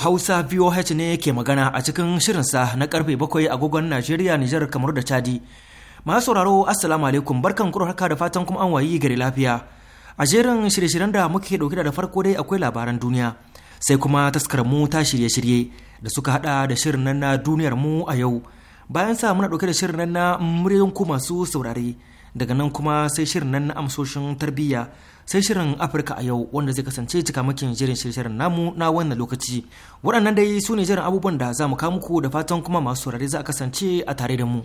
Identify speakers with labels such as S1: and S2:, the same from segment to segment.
S1: Hausa VOH ne ke magana a cikin shirinsa na karfe bakwai agogon Najeriya, Nijar, kamar da Chadi. Masu sauraro Assalamu alaikum barkan ku haka da fatan kuma an wayi gari lafiya. A jerin shirye-shiryen da muke dauke da farko dai akwai labaran duniya. Sai kuma taskar mu ta shirye-shirye da suka hada da shirin nan na duniyar mu a yau. Bayan sa muna dauke da shirin nan na muryoyin ku masu saurare. Daga nan kuma sai shirin nan na amsoshin tarbiyya sai shirin Afirka a yau wanda zai kasance cikamakin jirin shirin namu na wannan lokaci. Waɗannan dai su ne jiran abubuwan da za mu kawo muku da fatan kuma masu saurari za a kasance a tare da mu.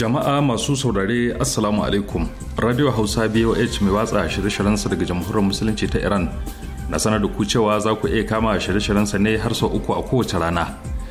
S2: jama'a masu saurare assalamu alaikum radio hausa boh mai watsa shirye sa daga jamhuriyar musulunci ta iran na sanar da ku cewa za ku iya kama shirye sa ne har sau uku a kowace rana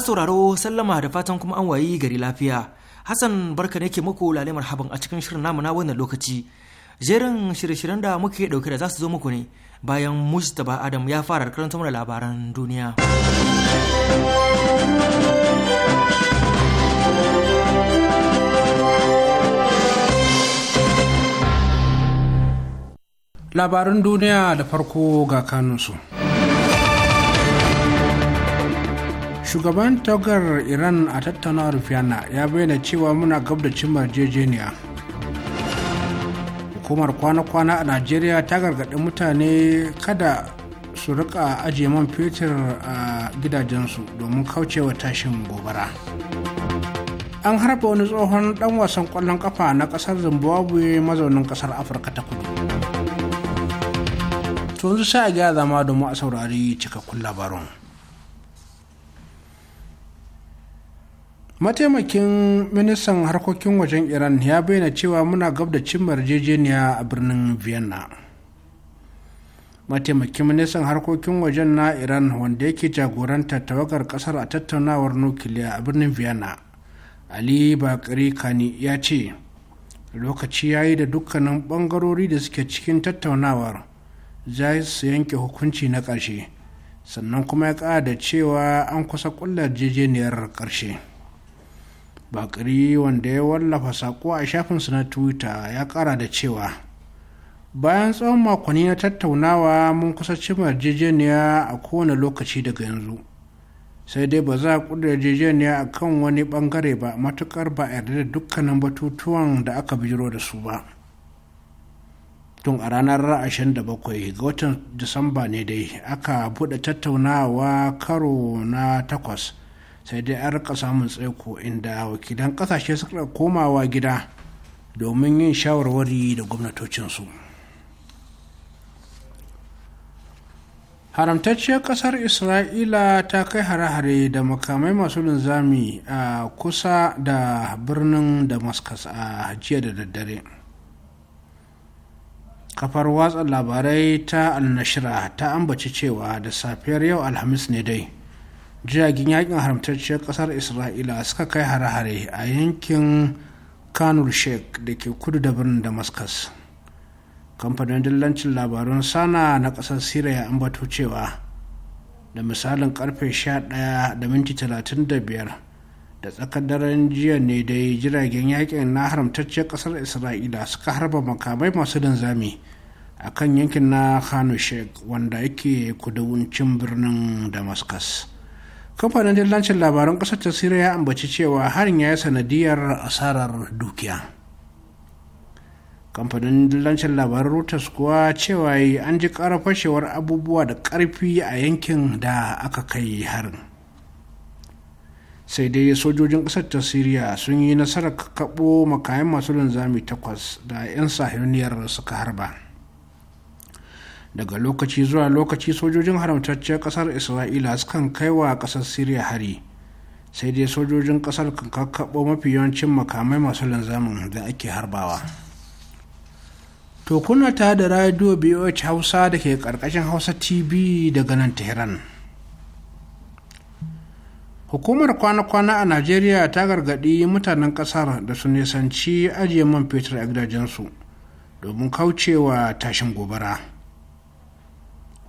S1: sauraro sallama da fatan kuma an wayi gari lafiya hassan barka ne ke muku lalai marhaban a cikin shirin namu na wannan lokaci jerin shirye-shiryen da muke dauke da za su zo muku ne bayan mustapha adam ya fara karanta mana labaran duniya
S3: labaran duniya da farko ga kanunsu. shugaban tagar iran a tattaunawar fiana ya bayyana cewa muna gab da cimma yarjejeniya hukumar kwana-kwana a najeriya ta gargaɗi mutane kada su rika ajiye man fetur a gidajensu domin kaucewa tashin gobara an harba wani tsohon dan wasan kwallon kafa na kasar zimbabwe mazaunin kasar afirka ta kudu to yanzu sai a gyara zama domin a saurari cikakkun labarun. mataimakin ministan harkokin wajen iran ya bayyana cewa muna gab da cimma yarjejeniya a birnin vienna mataimakin ministan harkokin wajen na iran wanda yake jagoranta tawagar kasar a tattaunawar nukiliya a birnin vienna ali bakari kani ya ce lokaci ya yi da dukkanin bangarori da suke cikin tattaunawar za su yanke hukunci na ƙarshe sannan kuma ya da cewa an kusa ƙullar jejeniyar ƙarshe bakari wanda ya wallafa sako a shafinsa na twitter ya ƙara da cewa bayan tsawon makonni na tattaunawa mun kusa cimma yarjejeniya a kowane lokaci daga yanzu sai dai ba za a kudu yarjejeniya a kan wani bangare ba matukar ba a yarda da dukkanin batutuwan da aka bijiro da su ba tun a ranar da bakwai ga watan disamba ne dai aka buɗe tattaunawa karo na takwas sai dai an rika samun tsaiko inda wakilan kasashe suka komawa gida domin yin shawarwari da gwamnatocinsu haramtacciyar kasar isra'ila ta kai hare-hare da makamai masu linzami a kusa da birnin damascus a jiya da daddare kafar watsa labarai ta alnashira ta ambaci cewa da safiyar yau alhamis ne dai jiragen yakin haramtacciyar kasar isra'ila suka kai hare-hare a yankin kanul sheikh da ke kudu da birnin damascus kamfanin dillancin labarun sana na kasar siriya an bato cewa da misalin karfe ɗaya da minti talatin da tsakar daren jiya ne dai jiragen yakin na haramtacciyar kasar isra'ila suka harba makamai masu linzami a kan yankin na kanul sheikh wanda yake kudancin birnin damascus kamfanin dillancin labaran ƙasar ta siriya ya ambaci cewa harin ya yi sanadiyar asarar dukiya kamfanin dillancin labaran reuters kuwa cewa an ji kara fashewar abubuwa da ƙarfi a yankin da aka kai harin sai dai sojojin ƙasar ta siriya sun yi nasarar kaɓo makayan masu linzami takwas da 'yan sahiyoniyar suka harba daga lokaci zuwa lokaci sojojin haramtaccen kasar isra'ila sukan kai wa kasar siriya hari sai dai sojojin kasar kan kakkaɓo mafi yawancin makamai masu linzamin da ake harbawa to kuna ta da radio boh hausa da ke karkashin hausa tv daga nan tehran hukumar kwana-kwana a najeriya ta gargaɗi mutanen ƙasar da su nisanci ajiye man fetur a gidajensu domin kaucewa tashin gobara.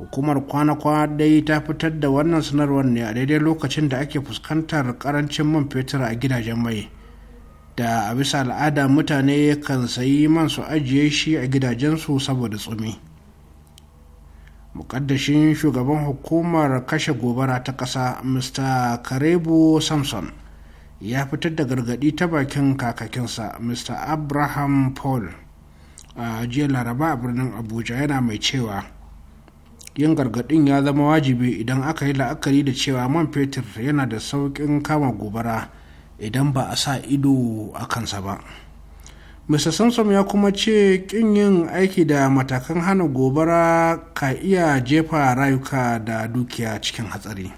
S3: hukumar kwanakwa dai ta fitar da wannan sanarwar ne a daidai lokacin da ake fuskantar karancin man fetur a gidajen mai da a bisa al'ada mutane kan sayi man su ajiye shi a gidajensu saboda tsumi mukaddashin shugaban hukumar kashe gobara ta ƙasa mr karebu samson ya fitar da gargaɗi ta bakin kakakinsa mr abraham paul a jiya laraba a birnin abuja yana mai cewa yin gargaɗin ya zama wajibi idan aka yi la'akari da cewa man fetur yana da sauƙin kama gobara idan ba a sa ido a kansa ba mr samson ya kuma ce ƙin yin aiki da matakan hana gobara ka iya jefa rayuka da dukiya cikin hatsari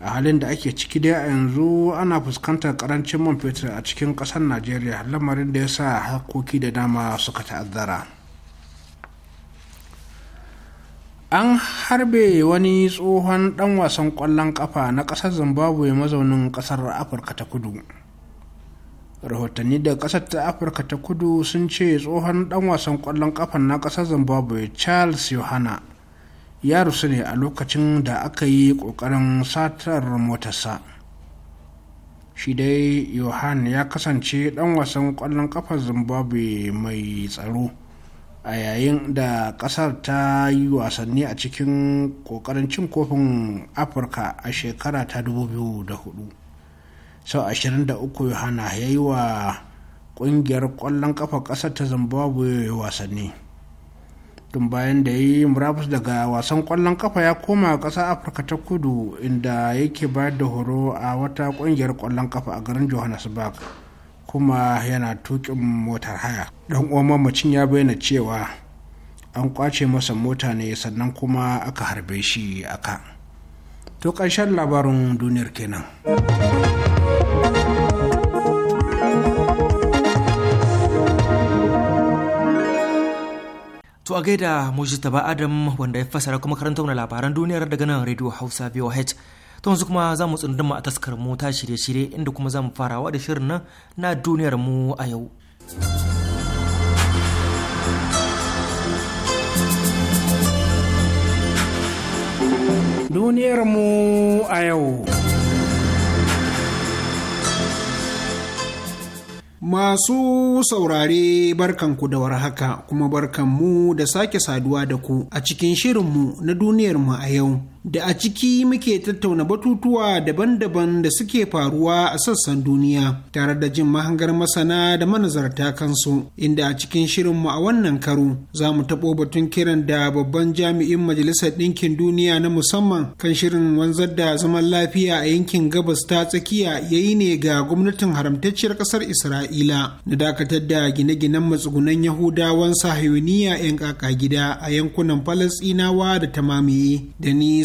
S3: a halin da ake ciki dai a yanzu ana fuskantar karancin man fetur a cikin ƙasar najeriya lamarin da ya sa harkoki da dama suka ta'azzara. an harbe wani tsohon dan wasan kwallon kafa na kasar zimbabwe mazaunin kasar afirka ta kudu rahotanni daga kasar ta afirka ta kudu sun ce tsohon dan wasan kwallon kafa na kasar zimbabwe charles yohana ya rusu ne a lokacin da aka yi kokarin satar motarsa shi dai yohan ya kasance dan wasan kwallon kafa zimbabwe mai tsaro a yayin da kasar ta yi wasanni a cikin kokarin cin kofin afirka a shekara ta 2004 sau 23 yohana ya yi wa kungiyar kwallon kafa kasar ta zimbabwe wasanni tun bayan da ya yi murabus daga wasan kwallon kafa ya koma kasar afirka ta kudu inda yake bayar da horo a wata kungiyar kwallon kafa a garin johannesburg kuma yana tukin motar haya dan uwan mamacin ya bayyana cewa an kwace masa mota ne sannan kuma aka harbe shi aka to ƙarshen labarin duniyar kenan
S1: To a gaida ba Adam wanda ya fasara kuma karanta labaran duniyar daga nan Radio Hausa VOH to yanzu kuma za mu tsunduma a taskar mu ta shirye-shirye inda kuma za mu farawa da shirin nan na duniyar mu a yau.
S3: Duniyar mu a yau.
S4: Masu saurare barkanku da haka kuma barkan mu da sake saduwa da ku a cikin shirin mu na duniyar mu a yau. da a ciki muke tattauna batutuwa daban-daban da suke faruwa a sassan duniya tare da jin mahangar masana da manazarta kansu inda a cikin shirinmu a wannan karo za mu taɓo batun kiran da babban jami'in majalisar ɗinkin duniya na musamman kan shirin wanzar da zaman lafiya a yankin gabas ta tsakiya ya yi ne ga gwamnatin haramtacciyar ƙasar isra'ila na dakatar da gine-ginen matsugunan yahudawan sahiyoniya 'yan kaka gida a yankunan falasɗinawa da tamamiye da ni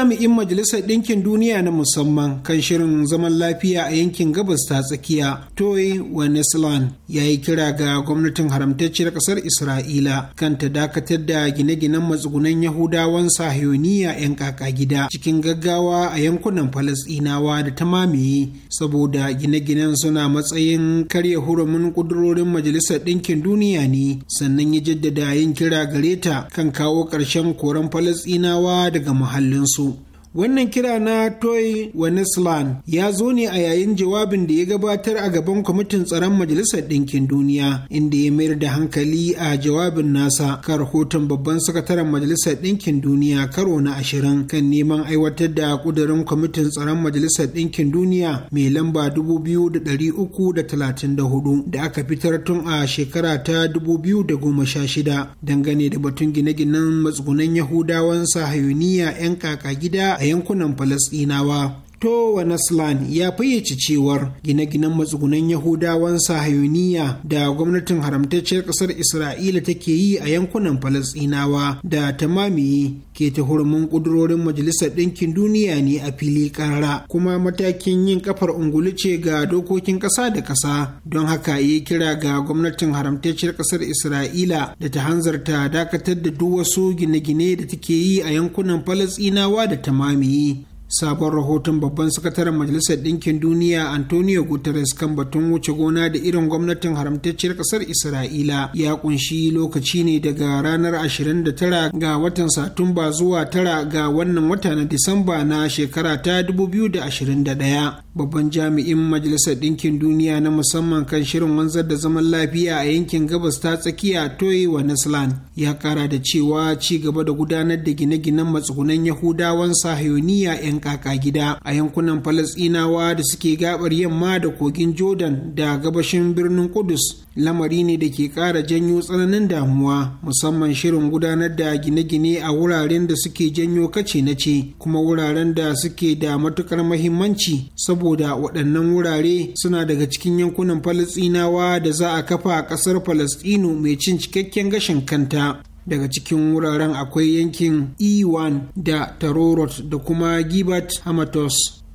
S4: jami'in Majalisar Ɗinkin Duniya na musamman kan shirin zaman lafiya a yankin gabas ta tsakiya, Toy Wenesland, ya yi kira ga gwamnatin haramtacciyar ƙasar Isra'ila kan ta dakatar da gine-ginen matsugunan Yahudawan Sahiyoniya 'yan kaka gida cikin gaggawa a yankunan Falasɗinawa da ta mamaye saboda gine-ginen suna matsayin karya hurumin ƙudurorin Majalisar Ɗinkin Duniya ne, sannan ya jaddada yin kira gare ta kan kawo ƙarshen koren Falasɗinawa daga muhallinsu. Wannan kira na Toy Wenislan ya zo ne a yayin jawabin da ya gabatar a gaban kwamitin tsaron Majalisar Ɗinkin Duniya, inda ya mayar da hankali a jawabin nasa kan rahoton babban sakataren Majalisar Ɗinkin Duniya karo na ashirin kan neman aiwatar da ƙudurin kwamitin tsaron Majalisar Ɗinkin Duniya mai lamba 2334 da aka fitar tun a shekara ta 2016 dangane da batun gine-ginen matsugunan Yahudawan Sahayuniya 'yan kaka gida a yankunan Falasɗinawa Towa Naslan ya fayyace cewar gine-ginen matsugunan Yahudawan sahayuniya da gwamnatin haramtacciyar ƙasar Isra'ila take yi a yankunan Falasɗinawa da Tamami ke ta hurumin ƙudurorin Majalisar Ɗinkin Duniya ne a fili ƙarara kuma matakin yin kafar ungulu ce ga dokokin ƙasa da ƙasa don haka ya kira ga gwamnatin haramtacciyar ƙasar Isra'ila da ta hanzarta dakatar da duk wasu gine-gine da take yi a yankunan Falasɗinawa da Tamami. sabon rahoton babban sakataren majalisar ɗinkin duniya antonio guterres kan batun wuce gona da irin gwamnatin haramtacciyar ƙasar isra'ila ya kunshi lokaci ne daga ranar 29 ga watan satumba zuwa 9 ga wannan wata na disamba na shekara ta 2021 babban jami'in majalisar ɗinkin duniya na musamman kan shirin wanzar da zaman lafiya a yankin gabas ta tsakiya toyi wa naslan ya kara da cewa ci gaba da gudanar da gine-ginen matsugunan yahudawan sahiyoniya 'yan kaka gida a yankunan falasinawa da suke gabar yamma da kogin jordan da gabashin birnin kudus lamari ne da ke ƙara janyo tsananin damuwa musamman shirin gudanar da gine-gine a wuraren da suke janyo kace na ce kuma wuraren da suke da matukar mahimmanci saboda waɗannan wurare suna daga cikin yankunan falasinawa da za a kafa ƙasar falastinu mai cin cikakken gashin kanta daga cikin wuraren akwai yankin e1 da tarorot da kuma gibat hamatos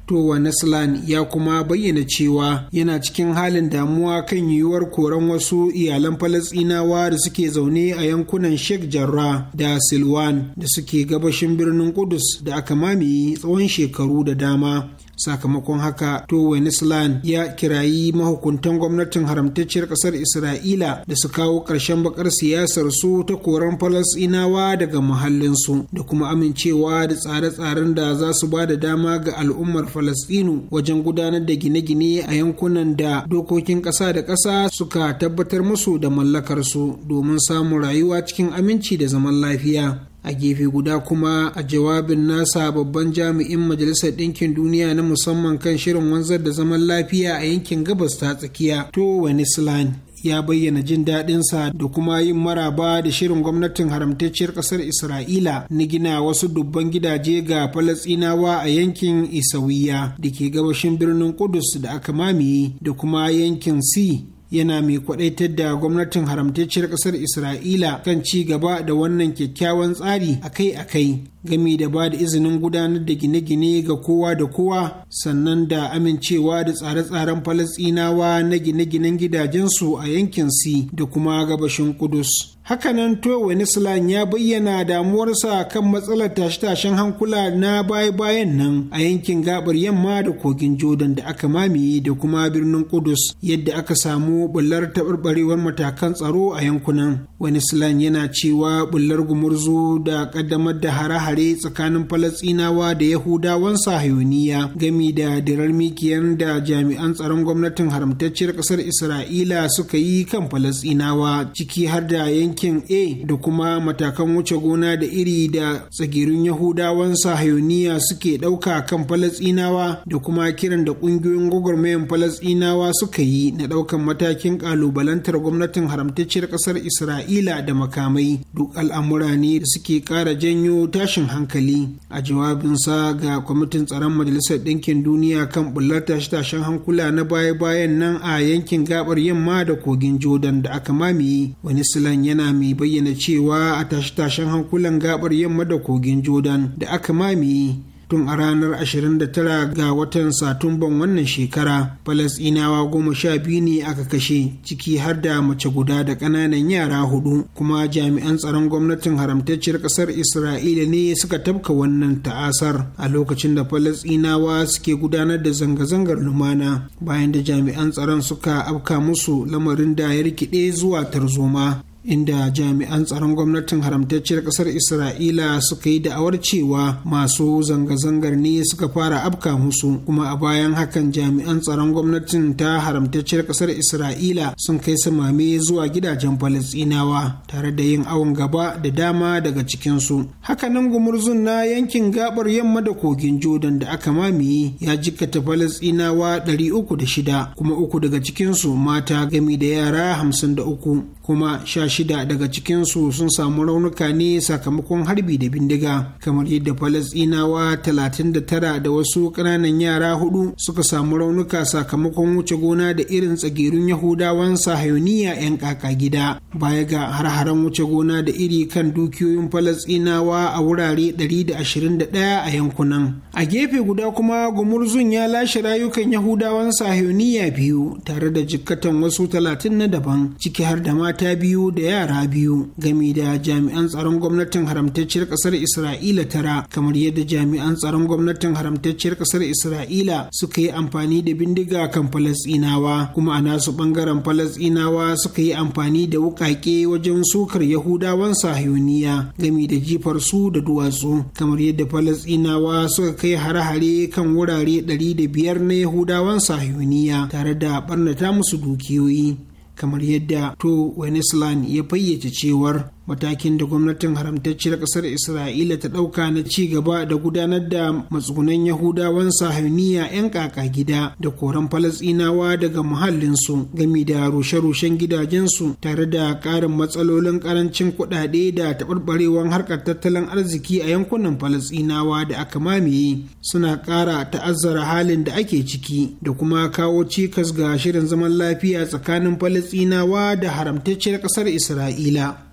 S4: To Naslan ya kuma bayyana cewa yana cikin halin damuwa kan yiwuwar koran wasu iyalan Falasɗinawa da suke zaune a yankunan Sheikh Jarrah da Silwan da suke gabashin birnin Kudus da aka mamaye tsawon shekaru da dama. sakamakon haka to Wenisland ya kirayi mahukuntan gwamnatin haramtacciyar ƙasar Isra'ila da su kawo ƙarshen bakar siyasar su ta koran Falasɗinawa daga muhallinsu da kuma amincewa da tsare-tsaren da za su ba da dama ga al'ummar Falasɗinu wajen gudanar da gine-gine a yankunan da dokokin ƙasa da ƙasa suka tabbatar musu da mallakar su domin samun rayuwa cikin aminci da zaman lafiya. a gefe guda kuma a jawabin nasa babban jami'in majalisar ɗinkin duniya na musamman kan shirin wanzar da zaman lafiya a yankin gabas ta tsakiya to wenisland ya bayyana jin daɗinsa da kuma yin maraba da shirin gwamnatin haramtacciyar ƙasar isra'ila na gina wasu dubban gidaje ga falasinawa a yankin isawiya da ke gabashin birnin kudus da aka mamaye da kuma yankin si yana mai kwadaitar da gwamnatin haramtacciyar ƙasar isra'ila kan ci gaba da wannan kyakkyawan tsari akai-akai gami da ba da izinin gudanar da gine-gine ga kowa da kowa sannan da amincewa da tsare-tsaren falasinawa na gine-ginen gidajensu a yankin si da kuma gabashin kudus hakanan towe nislan ya bayyana damuwarsa kan matsalar tashe-tashen hankula na baya-bayan nan a yankin gabar yamma da kogin jordan da aka mamaye da kuma birnin kudus yadda aka samu bullar taɓarɓarewar matakan tsaro a yankunan wani yana cewa bullar gumurzu da ƙaddamar da hare-hare tare tsakanin falasinawa da yahudawan sahayoniya gami da dirar mikiyar da jami'an tsaron gwamnatin haramtacciyar ƙasar isra'ila suka yi kan falasinawa ciki har da yankin a da kuma matakan wuce gona da iri da tsagirin yahudawan sahayoniya suke ɗauka kan falasinawa da kuma kiran da ƙungiyoyin gwagwarmayan falasinawa suka yi na ɗaukan matakin ƙalubalantar gwamnatin haramtacciyar ƙasar isra'ila da makamai duk al'amura ne da suke ƙara janyo tashin tashin hankali a jawabinsa ga kwamitin tsaron majalisar ɗinkin duniya kan bullar tashe-tashen hankula na baya-bayan nan a yankin gabar yamma da kogin jordan da aka mamiye wani silan yana mai bayyana cewa a tashe-tashen hankulan gabar yamma da kogin jordan da aka mamiye tun a ranar 29 ga watan satumban wannan shekara falasinawa goma sha biyu ne aka kashe ciki har da mace guda da ƙananan yara hudu kuma jami'an tsaron gwamnatin haramtacciyar ƙasar isra'ila ne suka tabka wannan ta'asar a lokacin da falasinawa suke gudanar da zanga-zangar lumana bayan da jami'an tsaron suka afka musu lamarin da ya rikide zuwa tarzoma inda jami'an tsaron gwamnatin haramtacciyar ƙasar isra'ila suka yi da'awar cewa masu zanga-zangar ne suka fara afka musu kuma a bayan hakan jami'an tsaron gwamnatin ta haramtacciyar ƙasar isra'ila sun kai samame zuwa gidajen falastinawa tare da yin awon gaba da dama daga cikinsu hakanan gumurzun na yankin gabar yamma da kogin jordan da aka mamiye ya jikkata falastinawa 306 kuma uku daga cikinsu mata gami da yara 53 kuma sha shida daga cikinsu sun samu raunuka ne sakamakon harbi da bindiga kamar yadda falasinawa talatin da tara da wasu ƙananan yara hudu suka samu raunuka sakamakon wuce gona da irin tsagerun yahudawan sahayoniya 'yan kaka gida baya ga har wuce gona da iri kan dukiyoyin falasinawa a wurare da da ashirin 121 a yankunan a gefe guda kuma gumurzun ya lashe rayukan yahudawan sahayoniya biyu tare da jikkatan wasu talatin na daban ciki har da mata mata biyu da yara biyu gami da jami'an tsaron gwamnatin haramtacciyar kasar isra'ila tara kamar yadda jami'an tsaron gwamnatin haramtacciyar kasar isra'ila suka yi amfani da bindiga kan Falasinawa kuma a nasu bangaren Falasinawa suka yi amfani da wukake wajen sukar yahudawan sahiyoniya gami da jifar su da duwatsu kamar yadda Falasinawa suka kai hare-hare kan wurare 500 na yahudawan sahiyoniya tare da barnata musu dukiyoyi kamar yadda to Wenislan ya fayyace cewar matakin da gwamnatin haramtacciyar ƙasar isra'ila ta ɗauka na ci gaba da gudanar da matsugunan yahudawan sahaniya 'yan ƙaƙa gida da koran falasinawa daga muhallinsu gami da rushe-rushen gidajensu tare da ƙarin matsalolin ƙarancin kuɗaɗe da taɓarɓarewar harkar tattalin arziki a yankunan falasinawa da aka mamaye suna ƙara ta'azzara halin da ake ciki da kuma kawo cikas ga shirin zaman lafiya tsakanin falasinawa da haramtacciyar ƙasar isra'ila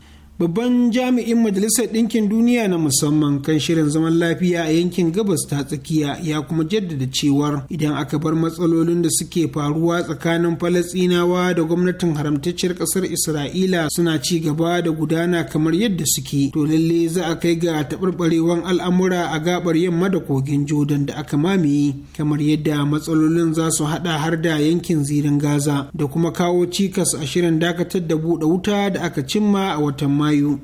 S4: babban jami'in majalisar ɗinkin duniya na musamman kan shirin zaman lafiya a yankin gabas ta tsakiya ya kuma jaddada cewar idan aka bar matsalolin da suke faruwa tsakanin falasinawa da gwamnatin haramtacciyar ƙasar isra'ila suna ci gaba da gudana kamar yadda suke to lalle za a kai ga taɓarɓarewan al'amura a gabar yamma da kogin jordan da aka mamaye kamar yadda matsalolin za su haɗa har da yankin zirin gaza da kuma kawo cikas a shirin dakatar da buɗe wuta da aka cimma a watan mayu maio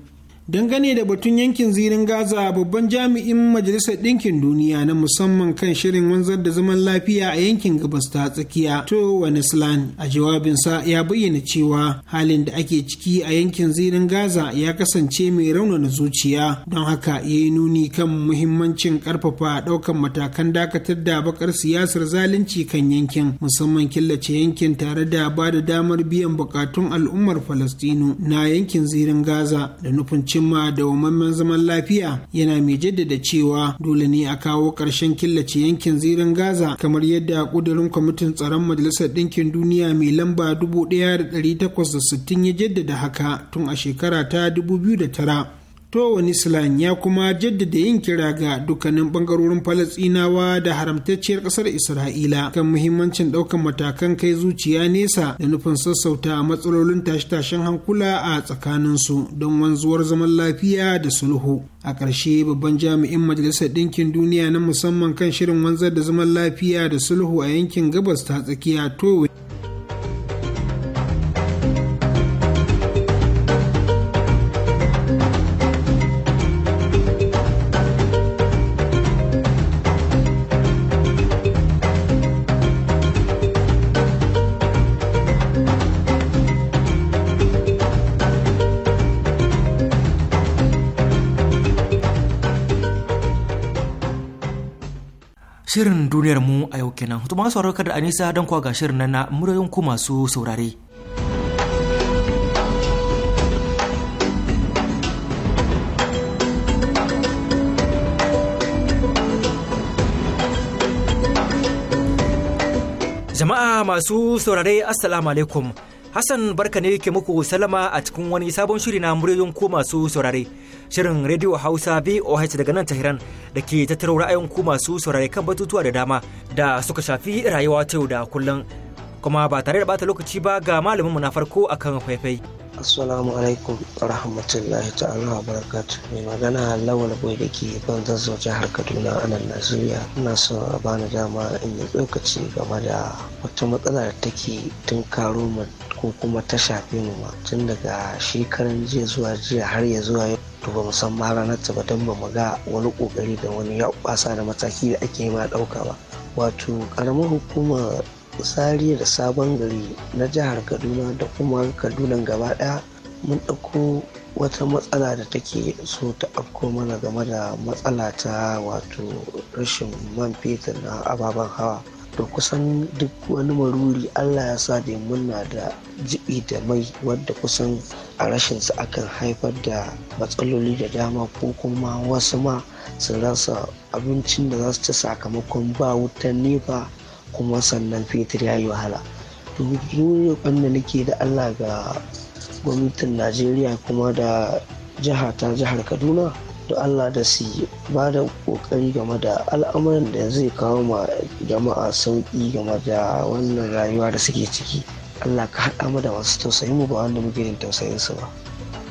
S4: dangane da batun yankin zirin gaza babban jami'in majalisar ɗinkin duniya na musamman kan shirin wanzar da zaman lafiya a yankin gabas ta tsakiya to wanislan a jawabinsa ya bayyana cewa halin da ake ciki a yankin zirin gaza ya kasance mai raunana zuciya don haka ya yi nuni kan muhimmancin karfafa ɗaukan matakan dakatar da bakar siyasar zalunci kan yankin musamman killace yankin tare da ba da damar biyan bukatun al'ummar falastinu na yankin zirin gaza da nufin cimma dawwammamen zaman lafiya yana mai jaddada cewa dole ne a kawo ƙarshen killace yankin zirin gaza kamar yadda ƙudurin kwamitin tsaron majalisar ɗinkin duniya mai lamba 1860 ya jaddada haka tun a shekara ta 2009 wani Islam ya kuma jaddada yin kira ga dukkanin bangarorin Falasinawa da haramtacciyar ƙasar Isra'ila kan muhimmancin ɗaukar matakan kai zuciya nesa da nufin sassauta matsalolin tashe-tashen hankula a tsakaninsu don wanzuwar zaman lafiya da sulhu. A ƙarshe babban jami'in Majalisar Ɗinkin Duniya na musamman kan shirin wanzar da zaman lafiya da sulhu a yankin gabas ta tsakiya Towan
S1: Shirin duniyar mu a yau kenan. To masu sauraro kada Anisa nisa don kwa ga shirin nan na muryoyin ku masu saurare. Jama'a masu saurare Assalamu alaikum. Hassan barka ne ke muku salama a cikin wani sabon shiri na muryoyin ku masu saurare. Shirin Radio Hausa VOH daga nan Tahiran da ke tattaro ra'ayin ku masu saurare kan batutuwa da dama da suka shafi rayuwa ta yau da kullum. Kuma ba tare da bata lokaci ba ga malamin mu na farko akan faifai.
S5: Assalamu alaikum rahmatullahi ta'ala wa barakatu mai magana lawal boy da ke ban zazzau jihar Kaduna a nan Najeriya ina so a bani dama in yi tsokaci game da wata matsala da take tun karo mu ko kuma ta shafe mu ma tun daga shekaran jiya zuwa jiya har ya zuwa yau to ba san ma ranar ta ba don ba mu ga wani kokari da wani ya kwasa da mataki da ake ma ɗauka ba wato karamar hukumar tsari da sabon gari na jihar kaduna da kuma kaduna gaba daya mun ɗauko wata matsala da take so ta afko mana game da matsala ta wato rashin man fetur na ababen hawa to kusan duk wani maruri allah ya sa da muna da jibi da mai wadda kusan a rashin su akan haifar da matsaloli da dama ko kuma wasu ma su rasa abincin da za su ci sakamakon ba wutan nefa kuma sannan fetur ya yi wahala to yi da nake da allah ga gwamnatin najeriya kuma da jiha ta jihar kaduna da allah da su ba da kokari game da al'amuran da zai kawo ma jama'a sauki game da wannan rayuwa da suke ciki allah ka haɗa mu da masu tausayin mu ba wanda muke yin tausayin su ba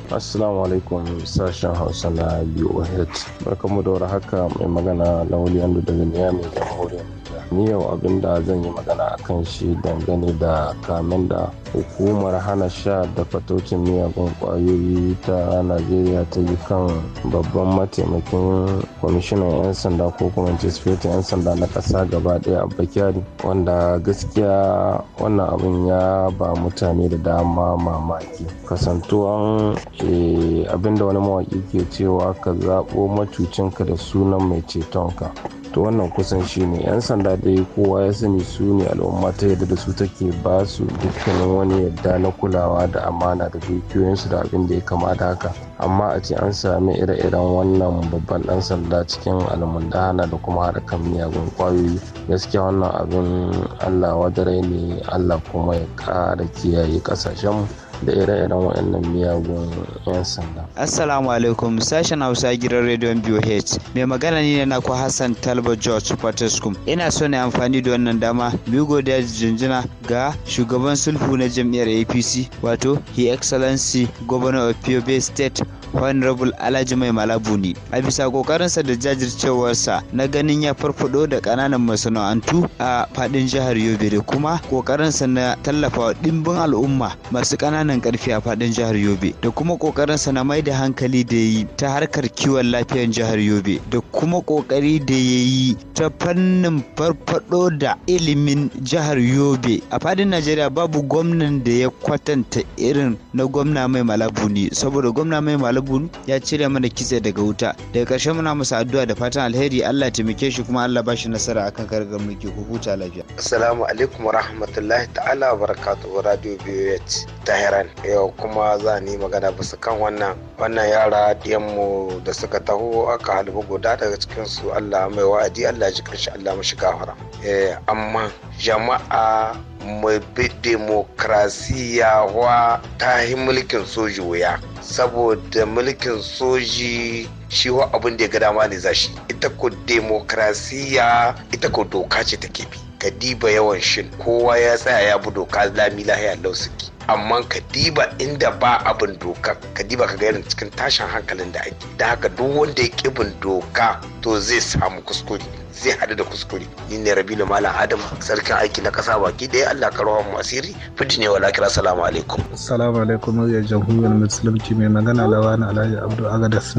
S6: Assalamu alaikum sashen Hausa na biyu BOH. barkamu da haka mai magana Lawali Andu daga Niyami, Jamhuriyar ni yau abin da zan yi magana akan shi dangane da kamen da hukumar hana sha da fatocin miyagun kwayoyi ta najeriya ta yi kan babban mataimakin kwamishinan 'yan sanda ko kuma ce 'yan sanda na kasa gaba ɗaya a wanda gaskiya wannan abin ya ba mutane da dama mamaki kasantuwan eh, abinda wani mawaki ke cewa ka zaɓo matucinka da sunan mai cetonka to wannan kusan shi ne 'yan sanda dai kowa ya sani su ne al'umma ta yadda da su take ba su dukkanin wani yadda na kulawa da amana da dukiyoyinsu da abin da ya kama da haka amma a ce an sami ire-iren wannan babban dan sanda cikin almundana da kuma harkar miyagun kwayoyi gaskiya wannan abin allah wadarai ne allah kuma ya kara kiyaye kasashenmu da ire-iren waɗannan miyagun 'yan sanda.
S7: Assalamu alaikum sashen Hausa gidan rediyon BOH. Mai magana ne na ku Hassan Talba George Fortescue. Ina so na amfani da wannan dama mu godiya da jinjina ga shugaban sulhu na jam'iyyar APC wato His Excellency Governor of Piobe State Honorable Alhaji Mai Malabuni. A bisa kokarinsa da jajircewarsa na ganin ya farfado da ƙananan masana'antu a faɗin jihar Yobe da kuma kokarinsa na tallafa wa ɗimbin al'umma masu ƙananan ƙananan ƙarfi a faɗin jihar Yobe da kuma sa na mai da hankali da yayi yi ta harkar kiwon lafiyar jihar Yobe da kuma ƙoƙari da ya yi ta fannin farfaɗo da ilimin jihar Yobe. A faɗin Najeriya babu gwamnan da ya kwatanta irin na gwamna mai malabuni saboda gwamna mai malabuni ya cire mana kitse daga wuta. Daga ƙarshe muna masa addu'a da fatan alheri Allah taimake shi kuma Allah ba shi nasara akan kargar mulki ku huta lafiya.
S8: Assalamu alaikum wa rahmatullahi ta'ala wa barakatuhu radio ta Tahira Israel yau kuma za ni magana bisa kan wannan wannan yara diyanmu da suka taho aka halbu guda daga cikinsu allah mai wa'adi allah ji karshe allah shiga gafara eh, amma jama'a mai bi demokrasiya wa ta yi mulkin soji wuya saboda mulkin soji shi wa abin da ya ga dama ne zashi ita ko demokrasiya ita ko doka ce take bi ka diba yawan shin kowa ya tsaya ya bi doka lami lahiya lausuki. amma ka diba inda ba abin doka ka diba ka ga cikin tashin hankalin da ake da haka duk wanda ya ƙi bin doka to zai samu kuskure zai hadu da kuskure ni ne rabilu malam adam sarkin aiki na kasa baki daya allah ka rawa mu asiri fiti ne wala kira salamu alaikum
S4: assalamu alaikum muryar jamhuriyar musulunci mai magana lawan alhaji abdu agadas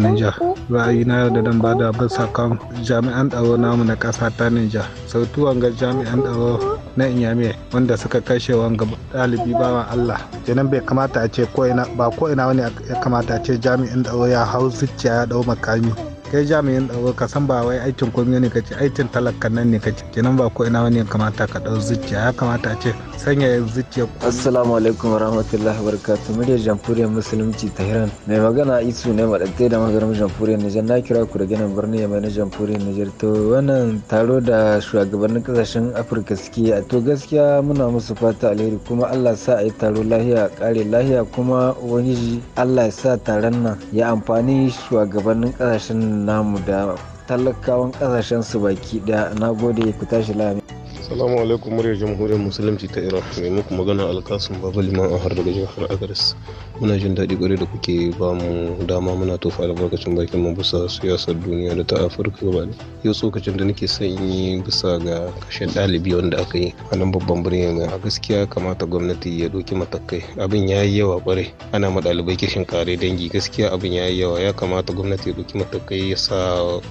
S4: Ra'ayi na yau da dan bada bisa kan jami'an tsaro namu na kasa ta niger Sautu ga jami'an tsaro na inyamiya wanda suka kashe wanga ɗalibi bawan allah kenan bai kamata a ce ko ina ba ko ina wani ya kamata a ce jami'in tsaro ya hau zuciya ya dau makami kai jami'in tsaro ka san ba wai aikin komai ne kace aikin talaka nan ne kace kenan ba ko ina wani kamata ka dau zuciya ya kamata ce
S6: sanya zuciya assalamu alaikum warahmatullahi wabarakatuh muryar jamhuriyar musulunci ta hiran mai magana isu ne madaddai da magaram jamhuriyar Nijar na kira ku da ganin birni mai na jamhuriyar Nijar to wannan taro da shugabannin kasashen Afirka suke a to gaskiya muna musu fata alheri kuma Allah sa a yi taro lahiya kare lahiya kuma wani Allah ya sa taron nan ya amfani shugabannin kasashen namu da talakawan kasashen su baki daya na gode ku tashi lami Salamu alaikum muryar jamhuriyar musulunci ta Iran
S9: mai muku magana alkasun babu liman har daga jihar Agaris. Muna jin daɗi kwarai da kuke ba mu dama muna tofa albarkacin bakin mu bisa siyasar duniya da ta Afirka gaba Yau tsokacin da nake son yi bisa ga kashen ɗalibi wanda aka yi a nan babban birnin a gaskiya kamata gwamnati ya ɗauki matakai abin ya yi yawa kwarai ana ma ɗalibai kishin kare dangi gaskiya abin ya yi yawa ya kamata gwamnati ya ɗauki matakai ya sa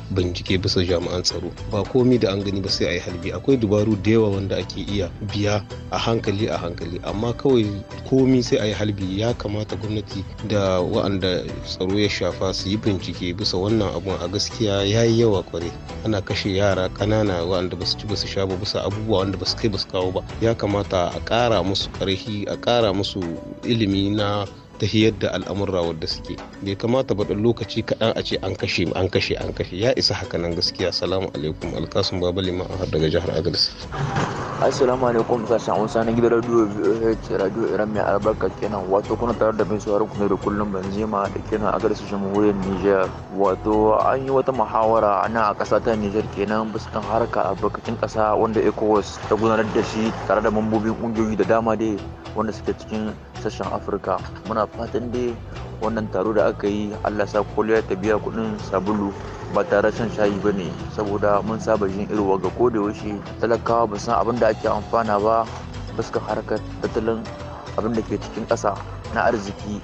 S9: bincike bisa jami'an tsaro ba komi da an gani ba sai a yi halbi akwai dubaru da yawa wanda ake iya biya a hankali a hankali amma kawai komi sai a yi halbi ya kamata gwamnati da wa'anda tsaro ya shafa su yi bincike bisa wannan abun a gaskiya ya yi yawa kwarai ana kashe yara ƙanana wa'anda ba su ci ba su sha ba bisa abubuwa wanda ba su kai ba su kawo ba ya kamata a ƙara musu karfi a ƙara musu ilimi na tahiyar da al'amurra wadda suke bai kamata ba dan lokaci kaɗan a ce an kashe an kashe an kashe ya isa haka nan gaskiya salamu alaikum alkasun baba liman har daga jihar agadis
S10: assalamu alaikum sashen hausa sanin gidan radio radio iran mai albarka kenan wato kuna tare da mai sauraron kuma da kullum banzima da kenan agadis jamhuriyar niger wato an yi wata muhawara a nan a ƙasa ta niger kenan bisa kan harka albarkacin ƙasa wanda ecowas ta gudanar da shi tare da mambobin ƙungiyoyi da dama dai wanda suke cikin sashen afirka muna fatan dai wannan taro da aka yi allah sa kwalliya ta biya kudin sabulu ba tare shan shayi ba ne saboda mun saba jin irwa ga ko da yaushe talakawa ba san abin da ake amfana ba fuskar harkar tattalin abin da ke cikin ƙasa na arziki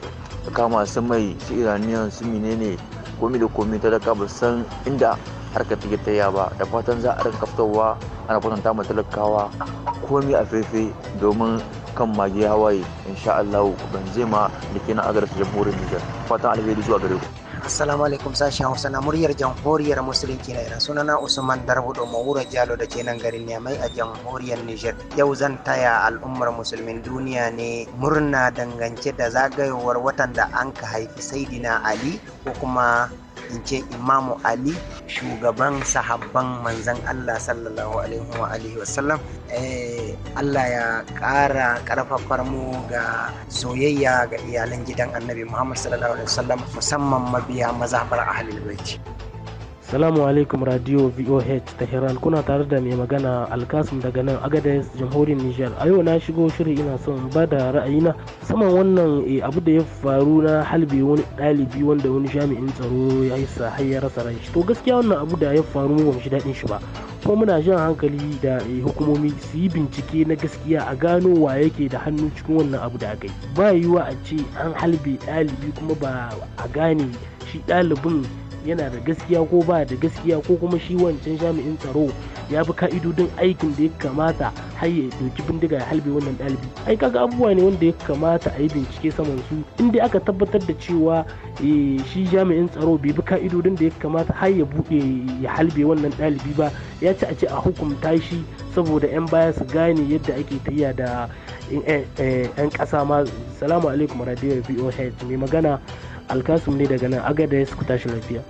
S10: kama su mai su iraniyan su menene komi da komi talaka ba san inda harkar tikitaya ba da fatan za a rinka kaftowa ana ta ma talakawa komi a fefe domin kan magi hawaye insha Allah ma da ke na su jamhuriyar Nijar fatan alheri zuwa gare ku
S5: Assalamu alaikum sashen Hausa na muryar jamhuriyar musulunci na Iran sunana Usman Darbudo Mawura Jalo da ke nan garin Niamey a jamhuriyar Nijar. Yau zan taya al'ummar musulmin duniya ne murna dangance da zagayowar watan da an ka haifi Saidina Ali ko kuma in ce imamu ali shugaban sahabban manzan allah sallallahu alaihi wa alihi wasallam eh, allah ya ƙara ƙarfafar mu ga soyayya ga iyalan gidan annabi muhammad sallallahu alaihi wasallam musamman mabiya mazhabar ahlul baiti
S11: Salamu alaikum Radio VOH Tehran kuna tare da mai magana Alkasim daga nan Agadez Jamhuriyar Nijar. A yau na shigo shirin ina son ba da ra'ayina saman wannan eh, abu da ya faru na halbe wani ɗalibi wanda wani jami'in tsaro ya yi har ya rasa ran shi. To gaskiya wannan abu da ya faru ba mu shi daɗin shi ba. Kuma muna jan hankali da eh, hukumomi su yi bincike na gaskiya a gano wa yake da hannu cikin wannan abu da aka yi. Ba yiwuwa a ce an halbe ɗalibi kuma ba a gane shi ɗalibin yana da gaskiya ko ba da gaskiya ko kuma shi wancan jami'in tsaro ya bi ka'idodin aikin da ya kamata har ya doki bindiga ya halbe wannan ɗalibi ai kaga abubuwa ne wanda ya kamata a yi bincike saman su inda aka tabbatar da cewa eh, shi jami'in tsaro bai bi ka'idodin da ya kamata har ya buɗe ya halbe wannan ɗalibi ba ya ci a ce a hukunta shi saboda 'yan baya su gane yadda ake tafiya da 'yan eh, eh, kasa ma salamu alaikum radio voh mai magana alkasum ne daga nan agadez ku tashi lafiya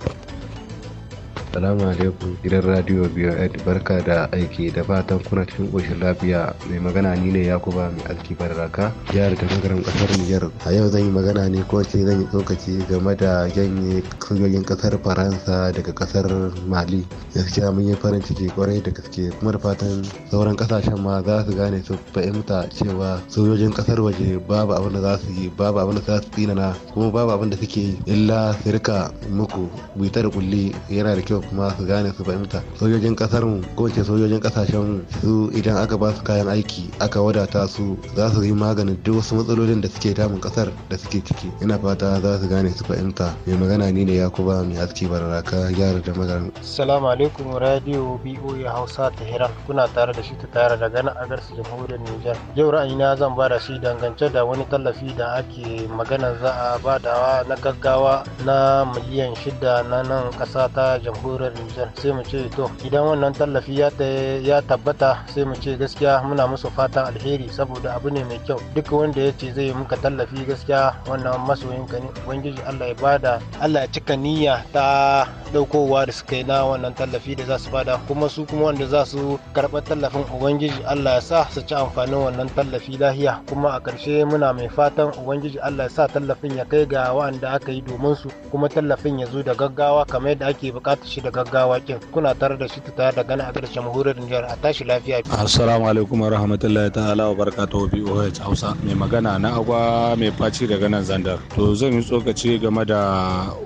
S12: Salamu alaikum gidan radio BON barka da aiki da fatan kuna cikin ƙoshin lafiya mai magana ni ne Yakuba mai alki barraka jihar da magaran ƙasar Niger. A yau zan yi magana ne ko ce zan yi tsokaci game da janye sojojin ƙasar Faransa daga ƙasar Mali. Gaskiya mun yi farin ciki kwarai da gaske kuma da fatan sauran ƙasashen ma za su gane su fahimta cewa sojojin ƙasar waje babu abin da za su yi babu abin da za su tsinana kuma babu abin da suke yi illa su rika muku bitar kulli yana da kyau kuma su gane su fahimta sojojin kasar mu ko ce sojojin kasashen su idan aka ba su kayan aiki aka wadata su za su yi maganin duk wasu matsalolin da suke damun kasar da suke ciki ina fata za su gane su fahimta mai magana ni ne yakuba mai haske bararaka yara da magana
S4: assalamu alaikum radio
S8: boa hausa ta tehran kuna tare da shi ta tare da gana a garsu jamhuriyar niger yau ra'ayina zan ba da shi dangance da wani tallafi da ake magana za a badawa na gaggawa na miliyan shida na nan ƙasa ta jamhuriyar jamhuriyar Nijar sai mu ce to idan wannan tallafi ya tabbata sai mu ce gaskiya muna musu fatan alheri saboda
S4: abu ne mai kyau duk wanda ya ce zai muka tallafi gaskiya wannan masoyin ka ne ubangiji Allah ya bada Allah ya cika niyya ta daukowa da suka yi na wannan tallafi da za su bada kuma su kuma wanda za su karɓar tallafin ubangiji Allah ya sa su ci amfanin wannan tallafi lahiya kuma a ƙarshe muna mai fatan ubangiji Allah ya sa tallafin ya kai ga waɗanda aka yi domin su kuma tallafin ya zo da gaggawa kamar yadda ake bukata shi da gaggawa kin kuna tare da shi
S12: ta da gana a ƙarshen jamhuriyar Nijar a tashi lafiya.
S6: Assalamu alaikum wa rahmatullahi ta'ala wa barakatuhu BOH Hausa mai magana na agwa mai faci daga nan zandar. To zan yi tsokaci game da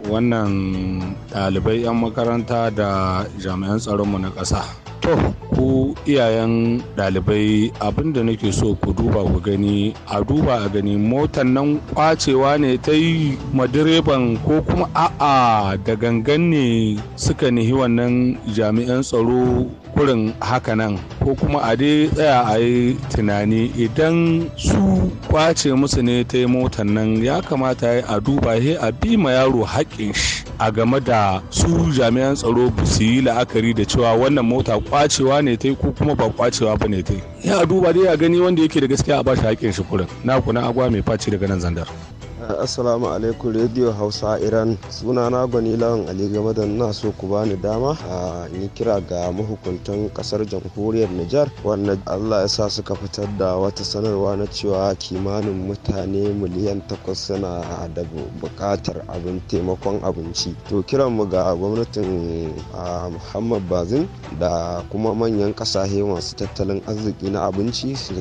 S6: wannan ɗalibai 'yan makaranta da jami'an tsaronmu na ƙasa. To, ku iyayen ɗalibai abin da nake so ku duba ku gani, a duba a gani motan nan kwacewa ne ta yi direban ko kuma a'a da gangan ne suka nihi wannan jami'an tsaro kurin nan ko kuma a dai tsaya a yi tunani idan su kwace musu ne ta yi motar nan ya kamata a duba he a bi ma yaro haƙƙin shi a game da su jami'an tsaro ba su yi la'akari da cewa wannan mota kwacewa ne ta yi ko kuma ba kwacewa ba ne ta yi ya duba dai a gani wanda yake da gaskiya a ba shi haƙƙin shi kurin na kuna agwa mai faci daga nan zandar.
S8: assalamu alaikum radio hausa iran suna na gwani lawan ali game da na so ku bani dama a ni kira ga mahukuntan kasar jamhuriyar nijar wanda allah ya sa suka fitar da wata sanarwa na cewa kimanin mutane miliyan takwas suna da bukatar abin taimakon abinci to kiran mu ga gwamnatin muhammad bazin da kuma manyan kasashe masu tattalin arziki na abinci su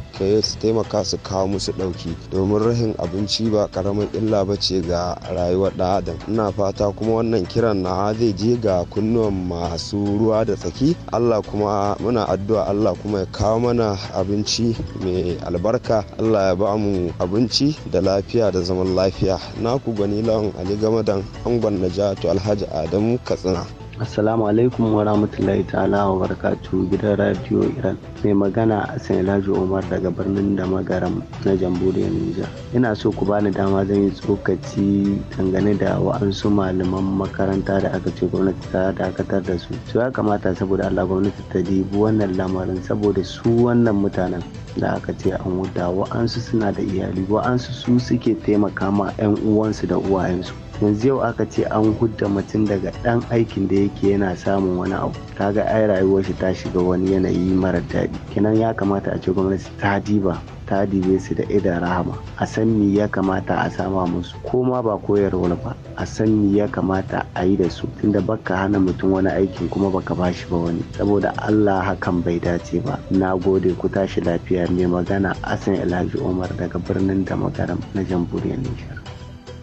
S8: taimaka su kawo musu ɗauki domin rahin abinci ba karamin illa ba ce ga rayuwar ɗan adam ina fata kuma wannan kiran na zai je ga kunnuwan masu ruwa da tsaki allah kuma muna addu'a allah kuma ya kawo mana abinci mai albarka allah ya ba mu abinci da lafiya da zaman lafiya na ku gwani lawan ali gamadan angon najatu alhaji adamu katsina Assalamu alaikum wa rahmatullahi ta'ala wa barakatu gidan radiyo Iran. Mai magana Hassan Laji Umar daga birnin da magaram na jamhuriyar Nijar. Ina so ku bani dama zan yi tsokaci dangane da wa'ansu malaman makaranta da aka ce gwamnati ta dakatar da su. Su ya kamata saboda Allah gwamnati ta dibi wannan lamarin saboda su wannan mutanen da aka ce an wuta wa'ansu suna da iyali wa'ansu su suke taimaka ma 'yan uwansu da uwayensu. yanzu yau aka ce an hudda mutum daga ɗan aikin da yake yana samun wani abu kaga ai rayuwar shi ta shiga wani yanayi mara daɗi kenan ya kamata a ce gwamnati ta diba ta dibe su da 'Ida rahama a san ya kamata a sama musu ko ma ba koyarwar ba a san me ya kamata a yi da su tunda baka hana mutum wani aikin kuma baka ba shi ba wani saboda Allah hakan bai dace ba na gode ku tashi lafiya mai magana Asan Alhaji Umar daga birnin da na jamhuriyar Nijar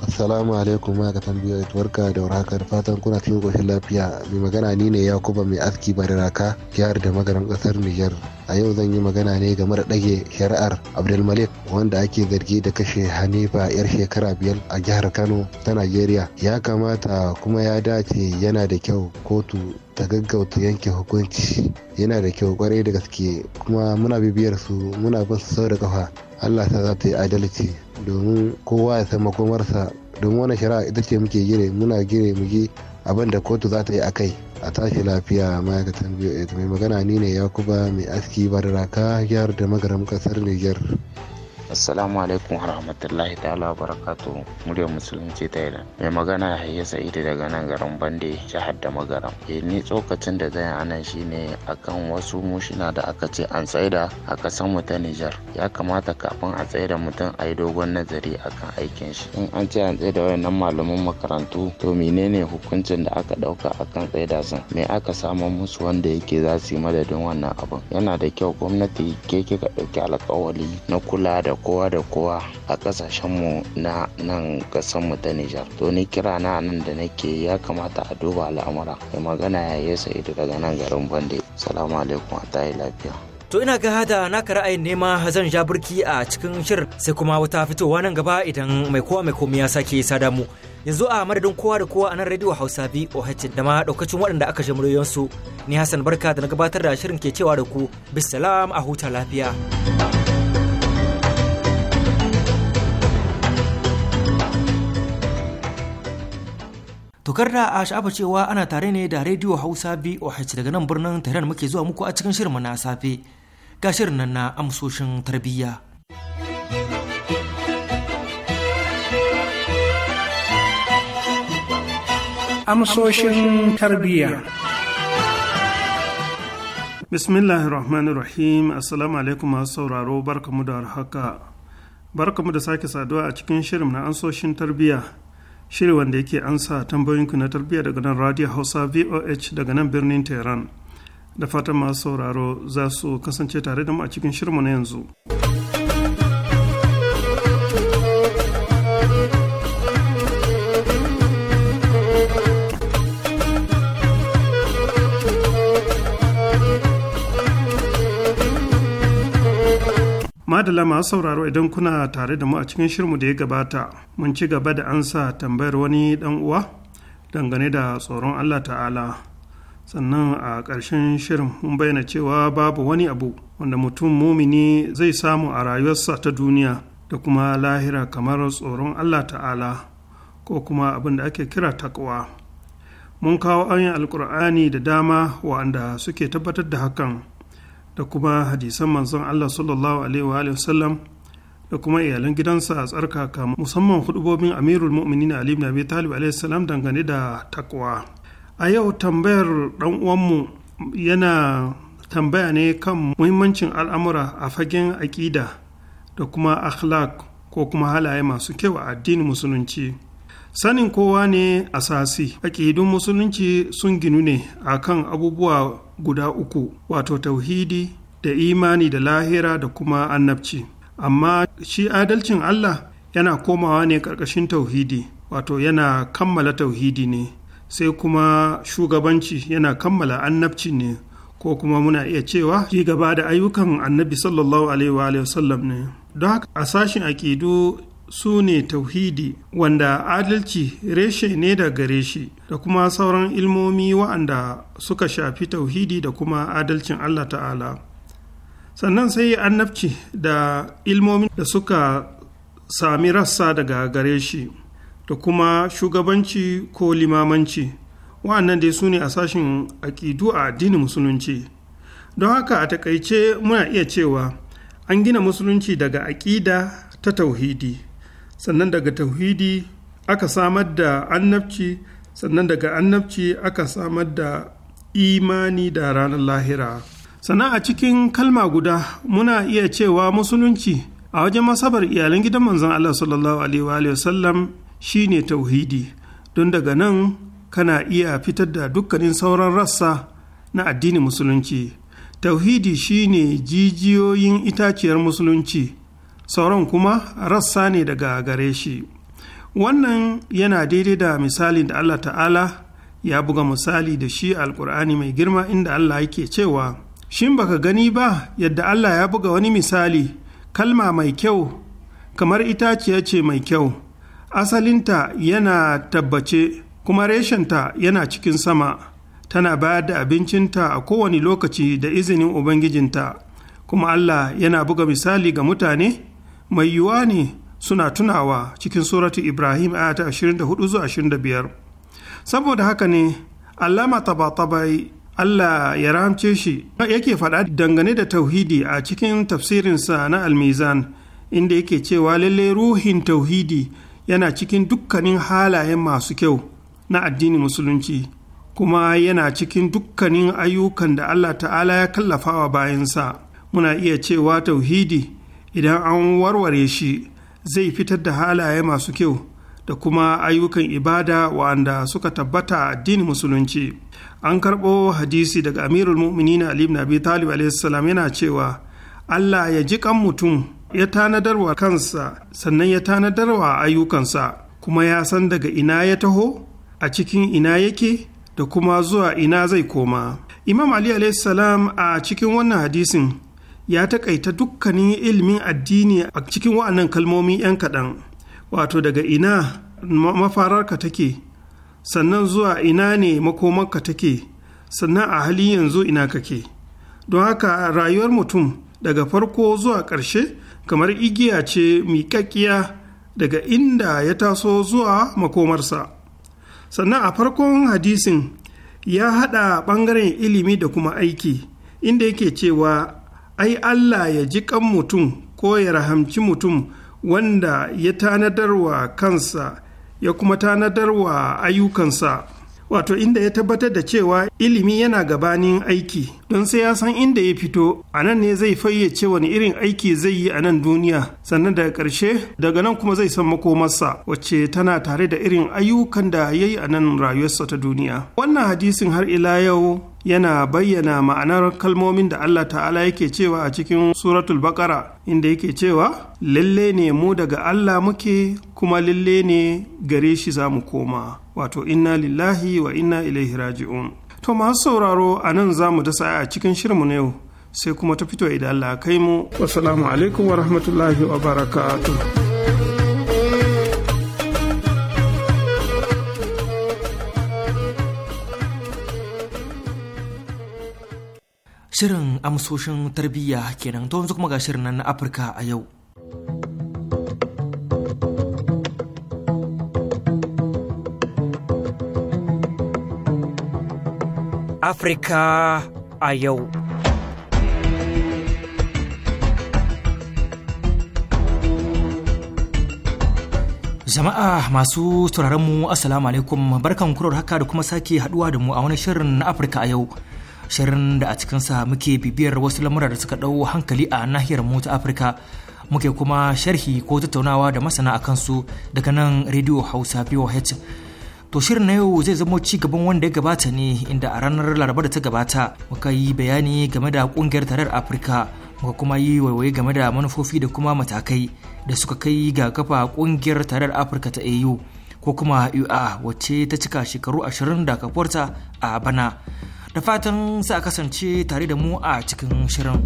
S12: Assalamu alaikum ma ga da tuwarka da warhaka da fatan kuna cikin ƙoshin lafiya. Mai magana ni ne ya kuma mai aski raka jihar da magaran kasar Nijar. A yau zan yi magana ne game da ɗage shari'ar Abdulmalik wanda ake zargi da kashe Hanifa yar shekara biyar a jihar Kano ta nigeria Ya kamata kuma ya dace yana da kyau kotu ta gaggauta yanke hukunci yana da kyau kwarai da gaske kuma muna bibiyar su muna bin su sau da kafa Allah ta za ta yi adalci domin kowa ya san makomarsa domin wani shari'a ita ce muke gire muna gire muke abin da kotu za ta yi akai a tashi lafiya ma'aikatan biyu mai magana ni ne ya kuba mai aski barraka yar da magaram kasar niger
S7: assalamu alaikum warahmatullahi ta'ala barakatu muryar musulunci ta mai magana ya sa'idu daga nan garin bande jihar da Magaran? e eh, ni tsokacin da zai anan A kan wasu mushina da aka ce an tsaida a kasan mu ta nijar ya kamata kafin a tsaida mutum a yi dogon nazari akan aikin shi in an ce an tsaida wayannan malaman makarantu to menene hukuncin da aka dauka akan tsaida sun me aka samu musu wanda yake za su yi madadin wannan abin yana da kyau gwamnati ke ka ɗauki alkawali na kula da kowa da kowa a mu na nan mu ta Nijar. To ni kira na nan da nake ya kamata a duba al'amura. mai magana ya yi sa'idu daga nan garin Bande. Salamu alaikum a tayi lafiya.
S1: To ina ga hada naka ra'ayin nema zan ja birki a cikin shir sai kuma wata fitowa nan gaba idan mai kowa mai komi ya sake sada mu. Yanzu a madadin kowa da kowa a nan rediyo Hausa bi OH da ma daukacin waɗanda aka jamuriyon su. Ni Hassan Barka da na gabatar da shirin ke cewa da ku bisalam a huta lafiya. Tokar da a sha'afa cewa ana tare ne da Radio Hausa VOH daga nan birnin Tehran muke zuwa muku a cikin shirin na safe. Ga shirin nan na amsoshin tarbiyya.
S3: Amsoshin
S13: tarbiyya. Bismillahir Rahmanir Rahim. Assalamu alaikum masu sauraro barkamu da warhaka. Barkamu da sake saduwa a cikin shirin na amsoshin tarbiyya. shiri wanda yake ansa tambayoyinku na tarbiyya daga nan radio hausa voh daga nan birnin tehran da fatan masu sauraro za su kasance tare da mu a cikin shirinmu na yanzu. Madala masu sauraro idan kuna tare da mu a cikin shirmu da ya gabata mun ci gaba da ansa tambayar wani ɗan uwa dangane da tsoron Allah ta'ala sannan a ƙarshen shirin mun bayyana cewa babu wani abu wanda mutum mumini zai samu a rayuwarsa ta duniya da kuma lahira kamar tsoron Allah ta'ala ko kuma abin da ake kira takwa mun kawo ayin alkur'ani da dama wa'anda suke tabbatar da hakan da kuma hadisan manzon Allah sallallahu alaihi wa sallam da kuma iyalan gidansa a tsarka tsarkaka musamman hudubobin amirul mu'minin Ali ibn Abi Talib alaihi salam dangane da takwa a yau tambayar dan uwanmu yana tambaya ne kan muhimmancin al'amura a fagen aƙida da kuma akhlaq ko kuma halaye masu kyau a addinin musulunci sanin kowa ne asasi aƙidun musulunci sun ginu ne akan abubuwa guda uku wato tauhidi da imani da lahira da kuma annabci amma shi adalcin Allah yana komawa ne ƙarƙashin tauhidi wato yana kammala tauhidi ne sai kuma shugabanci yana kammala annabci ne ko kuma muna iya cewa shi gaba da ayyukan annabi sallallahu alaihi wa sallam ne don haka a sashin aƙidu su ne tauhidi wanda adalci reshe ne da gare shi da kuma sauran ilmomi wa'anda suka shafi tauhidi da kuma adalcin Allah ta'ala sannan sai annabci da ilmomin da suka sami rassa daga gare shi da kuma shugabanci ko limamanci wa'annan dai su ne a sashen aƙidu a addinin musulunci don haka a takaice muna iya cewa an gina musulunci daga aƙida ta tauhidi sannan daga tauhidi aka samar da annabci sannan daga annabci aka samar da imani da ranar lahira sannan a cikin kalma guda muna iya cewa musulunci a wajen masabar iyalan gidan manzon Allah sallallahu alaihi wa sallam shine tauhidi don daga nan kana iya fitar da dukkanin sauran rassa na addinin musulunci tauhidi shine jijiyoyin itaciyar musulunci sauran kuma rassa ne daga gare shi wannan yana daidai da misalin da allah ta'ala ya buga misali da shi alkur'ani mai girma inda allah yake cewa shin baka gani ba yadda allah ya buga wani misali kalma mai kyau kamar itaciya ce mai kyau asalinta yana tabbace kuma reshenta yana cikin sama tana bayar da abincinta a kowane lokaci da izinin ubangijinta kuma allah yana buga misali ga mutane mai yiwuwa ne suna tunawa cikin suratu ibrahim aya ta 24 zuwa 25 saboda haka ne allama tabatabai allah ya ramce shi yake faɗa dangane da tauhidi a cikin tafsirinsa na almizan inda yake cewa lalle ruhin tauhidi yana cikin dukkanin halayen masu kyau na addinin musulunci kuma yana cikin dukkanin ayyukan da allah ta'ala ya kallafawa bayansa muna iya cewa tauhidi idan an warware shi zai fitar da halaye masu kyau da kuma ayyukan ibada wa'anda suka tabbata addinin musulunci an karɓo hadisi daga amirul mu'minin ali ibn abi talib alaihissalam yana cewa allah ya ji kan mutum ya tanadarwa kansa sannan ya tanadarwa ayyukansa kuma ya san daga ina ya taho a cikin ina yake da kuma zuwa ina zai koma imam ali alaihissalam a cikin wannan hadisin ya taƙaita dukkanin ilimin addini a cikin wa'annan kalmomi 'yan kaɗan wato daga ina mafararka take sannan zuwa ina ne makomarka take sannan a halin yanzu ina kake don haka rayuwar mutum daga farko zuwa ƙarshe kamar igiya ce miƙaƙƙiya daga inda ya taso zuwa makomarsa sannan a farkon hadisin ya haɗa ɓangaren ilimi da kuma aiki inda yake cewa ai Allah ya ji kan mutum ko ya rahamci mutum wanda ya tanadarwa kansa ya kuma tanadarwa ayyukansa wato inda ya tabbatar da cewa ilimi yana gabanin aiki don sai ya san inda ya fito a nan ne zai fayyace wani irin aiki zai yi a nan duniya sannan daga ƙarshe daga nan kuma zai san makomarsa wacce tana tare da irin ayyukan da ya yi a nan rayuwarsa ta duniya wannan hadisin har ila yau yana bayyana ma'anar kalmomin da Allah ta'ala yake cewa a cikin suratul bakara inda yake cewa lalle ne mu daga Allah muke kuma lalle ne gare shi za mu koma wato inna lillahi wa inna ilaihi raji'un to masu sauraro a nan za mu dasa a cikin shirmu na yau sai kuma ta fito idan Allah kai mu wassalamu alaikum wa rahmatullahi wa barakatuh
S1: Shirin amsoshin tarbiyya kenan to yanzu kuma ga shirin nan na Afirka a yau. Afirka a yau. Jama'a masu mu asalamu alaikum barkan kurar haka da kuma sake haduwa da mu a wani shirin na Afirka a yau. shirin da a cikinsa muke bibiyar wasu lamura da suka ɗau hankali a nahiyar mu ta afirka muke kuma sharhi ko tattaunawa da masana a kansu daga nan rediyo hausa voh to shirin na yau zai zama ci gaban wanda ya gabata ne inda a ranar laraba da ta gabata muka yi bayani game da kungiyar tarar afirka muka kuma yi waiwaye game da manufofi da kuma matakai da suka kai ga kafa kungiyar tarar afirka ta au ko kuma ua wacce ta cika shekaru ashirin da kafuwarta a bana da fatan sa kasance tare da mu a cikin shirin.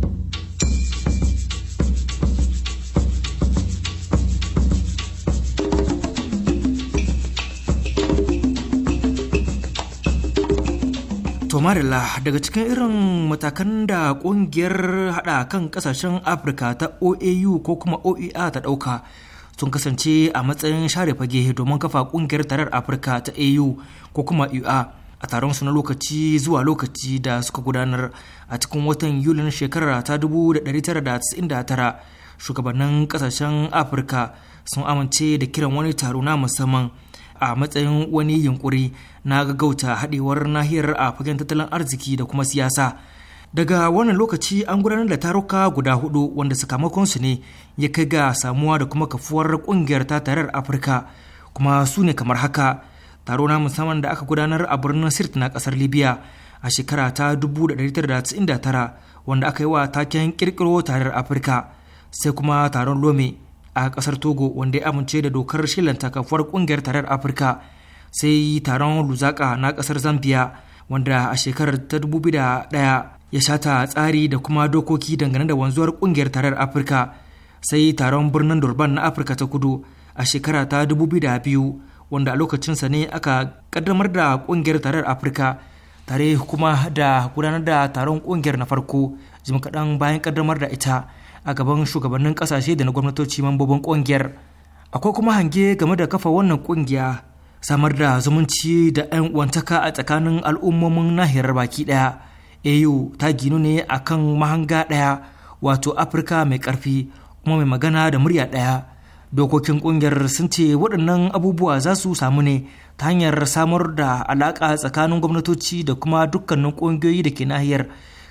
S1: tomarilla daga cikin irin matakan da kungiyar hada kan kasashen afirka ta oau ko kuma oea ta dauka sun kasance a matsayin share fage domin kafa kungiyar tarar afirka ta au ko kuma ua a taron su na lokaci zuwa lokaci da suka gudanar a cikin watan yulin shekarar ta 1999 shugabannin kasashen afirka sun amince da kiran wani taro na musamman a matsayin wani yunkuri na gaggauta haɗewar nahiyar a fagen tattalin arziki da kuma siyasa daga wannan lokaci an gudanar da taruka guda hudu wanda sakamakonsu ne ya kai ga samuwa da kuma kafuwar kungiyar ta tarar afirka kuma su ne kamar haka taro na musamman da aka gudanar a birnin sirt na kasar libya a shekara ta 1999 wanda aka yi wa taken kirkiro tarar afirka sai kuma taron lome a kasar togo wanda ya amince da dokar shilanta kafuwar kungiyar tarar afirka sai taron luzaka na kasar zambia wanda a shekarar ta 2001 ya shata tsari da kuma dokoki dangane da wanzuwar kungiyar tarar afirka sai taron birnin durban na afirka ta kudu a shekara ta 2002 wanda a lokacinsa ne aka kaddamar da kungiyar tarayyar afirka tare kuma da gudanar da taron kungiyar na farko jim kaɗan bayan kaddamar da ita a gaban shugabannin ƙasashe da na gwamnatoci mambobin kungiyar akwai kuma hange game da kafa wannan kungiya samar da zumunci da 'yan wantaka a tsakanin al'ummomin nahiyar baki ɗaya au ta ginu ne akan mahanga ɗaya wato afirka mai ƙarfi kuma mai magana da murya ɗaya dokokin kungiyar sun ce waɗannan abubuwa za su samu ne ta hanyar samar da alaƙa tsakanin gwamnatoci da kuma dukkanin ƙungiyoyi da ke nahiyar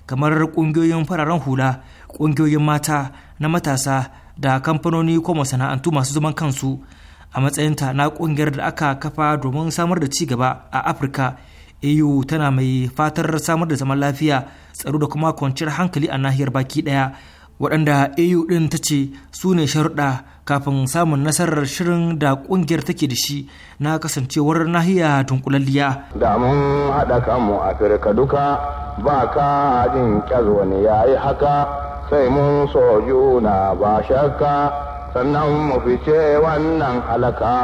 S1: kamar ƙungiyoyin fararen hula ƙungiyoyin mata na matasa da kamfanoni ko masana'antu masu zaman kansu a matsayinta na ƙungiyar da aka kafa domin samar da ci gaba a afirka eu tana mai fatar samar da zaman lafiya tsaro da kuma kwanciyar hankali a nahiyar baki ɗaya waɗanda eu ɗin ta ce su ne sharuɗa kafin samun nasarar shirin da kungiyar take da shi na kasancewar nahiya tunkulalliya.
S8: Da mun haɗa kanmu Afirka duka ba ka jin wani ya yi haka sai mun so juna ba shakka sannan mu fice wannan halaka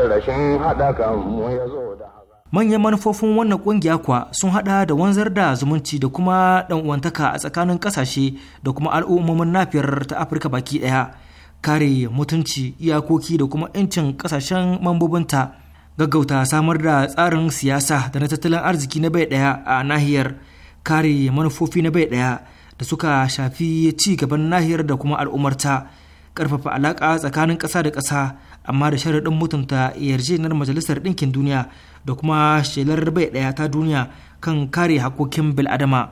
S8: da rashin haɗa kanmu ya zo da
S1: Manyan manufofin wannan kungiya kuwa sun hada da wanzar da zumunci da kuma ɗan'uwantaka a tsakanin ƙasashe da kuma al'ummomin nafiyar ta Afirka baki ɗaya. kare mutunci iyakoki da kuma 'yancin kasashen mambobinta gaggauta samar da tsarin siyasa da na tattalin arziki na bai daya a nahiyar kare manufofi na bai daya da suka shafi ci gaban nahiyar da kuma al'ummarta karfafa alaka tsakanin kasa da kasa amma da sharaɗin mutunta yarjejeniyar majalisar ɗinkin duniya da kuma shelar bai ɗaya ta duniya kan kare hakokin bil'adama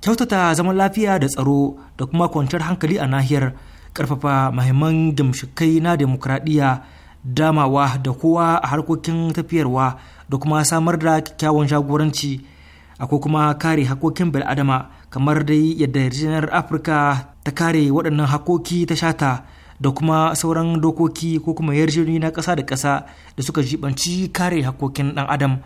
S1: kyautata zaman lafiya da tsaro da kuma kwanciyar hankali a nahiyar karfafa mahimman gamshikai na demokradiyya damawa da kowa a harkokin tafiyarwa da kuma samar da kyakkyawan jagoranci akwai kuma kare hakokin bil'adama kamar dai yadda yarjejeniyar afirka ta kare waɗannan hakoki ta shata da kuma sauran dokoki ko kuma yarjejeniyoyi na ƙasa da ƙasa da suka jibanci kare hakokin ɗan adam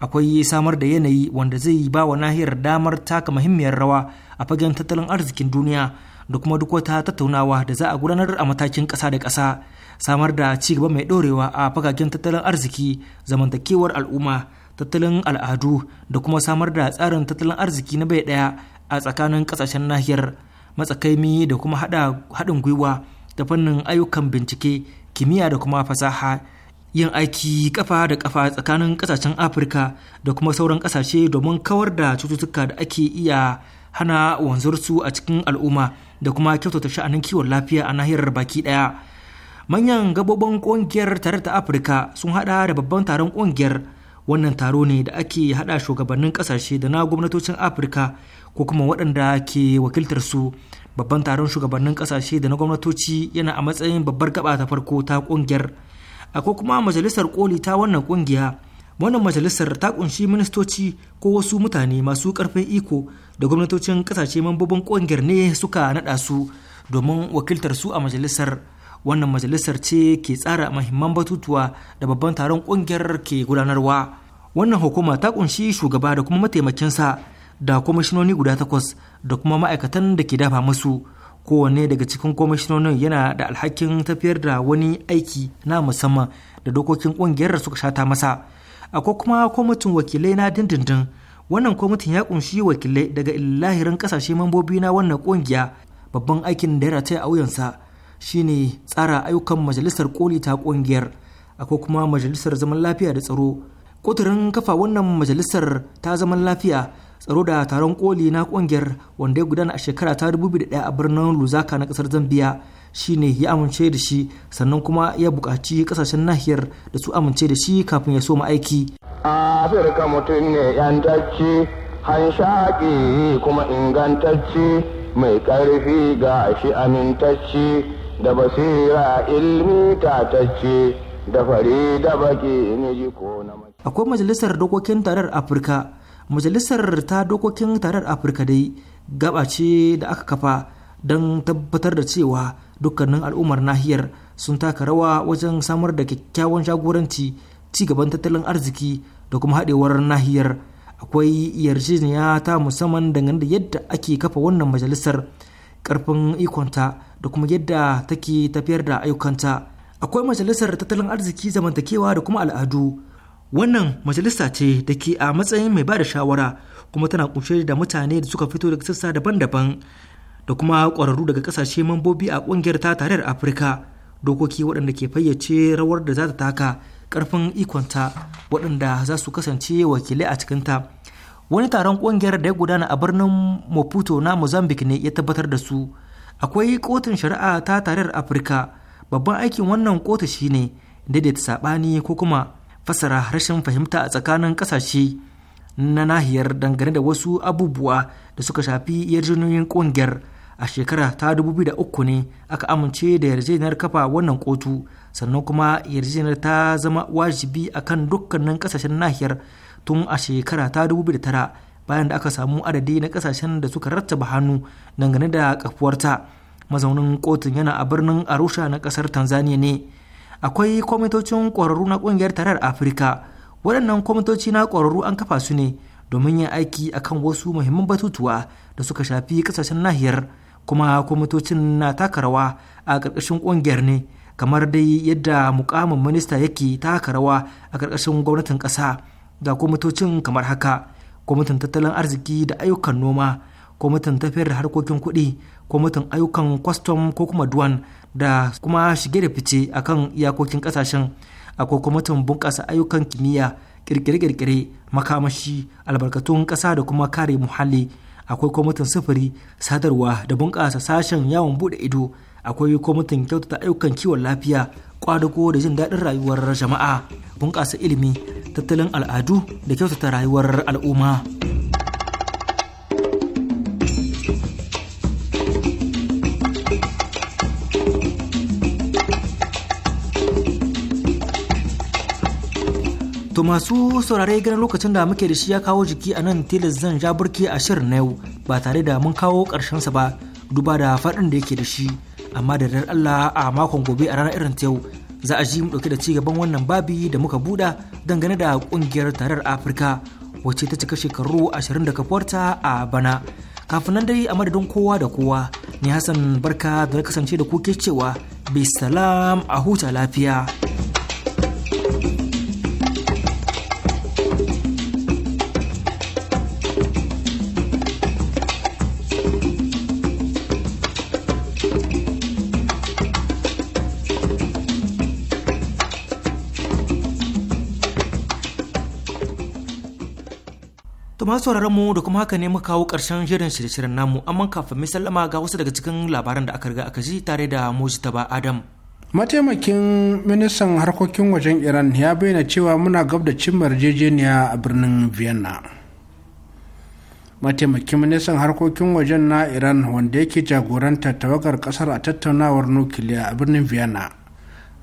S1: akwai samar da yanayi wanda zai ba wa nahiyar damar taka muhimmiyar rawa a fagen tattalin arzikin duniya da kuma duk wata tattaunawa da za a gudanar a matakin ƙasa da ƙasa samar da ci gaba mai ɗorewa a fagagen tattalin arziki zamantakewar al'umma tattalin al'adu da kuma samar da tsarin tattalin arziki na bai ɗaya a tsakanin ƙasashen nahiyar matsakaimi da kuma haɗin gwiwa ta fannin ayyukan bincike kimiyya da kuma fasaha yin aiki kafa da kafa tsakanin ƙasashen afirka da kuma sauran ƙasashe domin kawar da cututtuka da ake iya hana wanzarsu a cikin al'umma da kuma kyautata sha'anin kiwon lafiya a nahiyar baki daya manyan gabobin kungiyar tare ta afirka sun hada da babban taron kungiyar wannan taro ne da ake hada shugabannin kasashe da na gwamnatocin afirka ko kuma waɗanda ke wakiltar su babban taron shugabannin kasashe da na gwamnatoci yana a matsayin babbar gaba ta farko ta kungiyar akwai kuma majalisar koli ta wannan kungiya wannan majalisar ta kunshi ministoci ko wasu mutane masu karfin iko da gwamnatocin kasashe mambobin kungiyar ne suka nada su domin wakiltar su a majalisar wannan majalisar ce ke tsara mahimman batutuwa da babban taron kungiyar ke gudanarwa wannan hukuma ta kunshi shugaba da kuma mataimakin sa da kwamishinoni guda takwas da kuma ma'aikatan da ke dafa musu kowanne daga cikin kwamishinonin yana da alhakin tafiyar da wani aiki na musamman da dokokin kungiyar suka shata masa akwai kuma kwamitin wakilai na dindindin wannan kwamitin ya kunshi wakilai daga lahirin kasashe mambobi na wannan kungiya babban aikin da ya rataya a wuyansa shine tsara ayyukan majalisar koli ta kungiyar akwai kuma majalisar zaman lafiya da tsaro kuturin kafa wannan majalisar ta zaman lafiya tsaro da taron koli na kungiyar wanda ya gudana a shekara ta 2001 a birnin luzaka na kasar zambia shine ya amince da shi sannan kuma ya bukaci kasashen nahiyar da su amince da shi kafin ya so aiki.
S8: afirka mutum ne han hanshaƙi kuma ingantacce mai ƙarfi ga shi amintacci da basira ilmi tatacce da fari da baki ne ji ko na
S1: akwai majalisar dokokin tarar afirka majalisar ta dokokin tarar afirka dai gaba ce da aka kafa don tabbatar da cewa dukkanin al'ummar nahiyar sun taka rawa wajen samar da kyakkyawan jagoranci ci gaban tattalin arziki da kuma haɗewar nahiyar akwai yarjejeniya ta musamman dangane da yadda ake kafa wannan majalisar karfin ikonta da kuma yadda take tafiyar da ayyukanta akwai majalisar tattalin arziki zamantakewa da kuma al'adu wannan majalisa ce da ke a matsayin mai ba da shawara kuma tana kunshe da mutane da suka fito daga sassa daban-daban da kuma ƙwararru daga ƙasashe mambobi a ƙungiyar ta tarayyar afirka dokoki waɗanda ke fayyace rawar da za ta taka ƙarfin ikonta waɗanda za su kasance wakilai a cikinta wani taron ƙungiyar da ya gudana a birnin maputo na mozambique ne ya tabbatar da su akwai kotun shari'a ta tarayyar afirka babban aikin wannan kotu shine daidaita saɓani ko kuma fasara rashin fahimta a tsakanin ƙasashe na nahiyar dangane da wasu abubuwa da suka shafi yarjinoyin ƙungiyar a shekara ta 2003 ne aka amince da yarjejeniyar kafa wannan kotu sannan kuma yarjejeniyar ta zama wajibi akan dukkanin kasashen nahiyar tun a shekara ta tara bayan da aka samu adadi na kasashen da suka rattaba hannu dangane da kafuwarta mazaunin kotun yana a birnin arusha na kasar tanzania ne akwai kwamitocin kwararru na kungiyar tarar afirka waɗannan kwamitoci na kwararru an kafa su ne domin yin aiki akan wasu muhimman batutuwa da suka shafi kasashen nahiyar kuma kwamitocin na taka rawa a ƙarƙashin ƙungiyar ne kamar dai yadda mukamin minista yake taka rawa a ƙarƙashin gwamnatin ƙasa ga kwamitocin kamar haka kwamitin tattalin arziki da ayyukan noma kwamitin tafiyar da harkokin kuɗi kwamitin ayyukan kwastom ko kuma duwan da kuma shige da fice akan iyakokin ƙasashen akwai kwamitin bunƙasa ayyukan kimiyya kirkire-kirkire makamashi albarkatun ƙasa da kuma kare muhalli akwai kwamitin sufuri sadarwa da bunƙasa sashen yawon buɗe ido akwai kwamitin kyautata ayyukan kiwon lafiya kwadugo da jin daɗin rayuwar jama'a bunƙasa ilimi tattalin al'adu da kyautata rayuwar al'umma. To masu saurare ganin lokacin da muke da shi ya kawo jiki a nan tilas zan ja burki a shirin na yau ba tare da mun kawo sa ba duba da faɗin da yake da shi amma da dar Allah a makon gobe a ranar irin ta yau za a ji mu ɗauke da ci cigaban wannan babi da muka buɗa dangane da ƙungiyar tarar Afirka wacce ta cika shekaru 20 da kafuwarta a bana. Kafin nan dai a madadin kowa da kowa ni Hassan Barka da na kasance da ku ke cewa bisalam a huta lafiya. masu mu da kuma haka ne muka kawo ƙarshen shirin shirye-shiryen namu amma kafin mai sallama ga wasu daga cikin labaran da aka riga aka ji tare da Mujtaba Adam.
S3: Mataimakin ministan harkokin wajen Iran ya bayyana cewa muna gab da cimma yarjejeniya a birnin Vienna. Mataimakin ministan harkokin wajen na Iran wanda yake jagoranta tawagar kasar a tattaunawar nukiliya a birnin Vienna,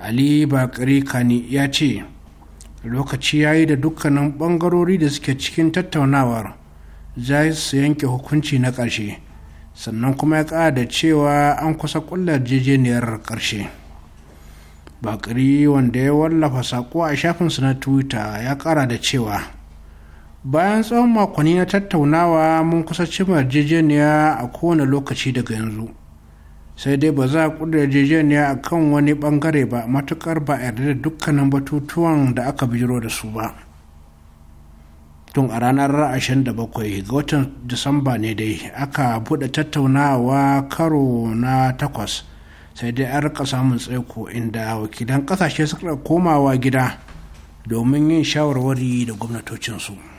S3: Ali Bakari Kani ya ce, lokaci ya yi da dukkanin bangarori da suke cikin tattaunawar za su yanke hukunci na ƙarshe sannan kuma ya ƙara da cewa an kusa ƙulla jejeniyar ƙarshe bakari wanda ya wallafa saƙo a shafinsu na twitter ya ƙara da cewa bayan tsawon makonni na tattaunawa mun kusa cimar jejeniya a kowane lokaci daga yanzu sai dai ba za a yarjejeniya a kan wani bangare ba matukar ba yarda da dukkanin batutuwan da aka biro da su ba tun a ranar da bakwai ga watan disamba ne dai aka buɗe tattaunawa karo na takwas sai dai an rika samun tsaiko inda wakilan ƙasashe suka komawa gida domin yin shawarwari da
S12: gwamnatocinsu.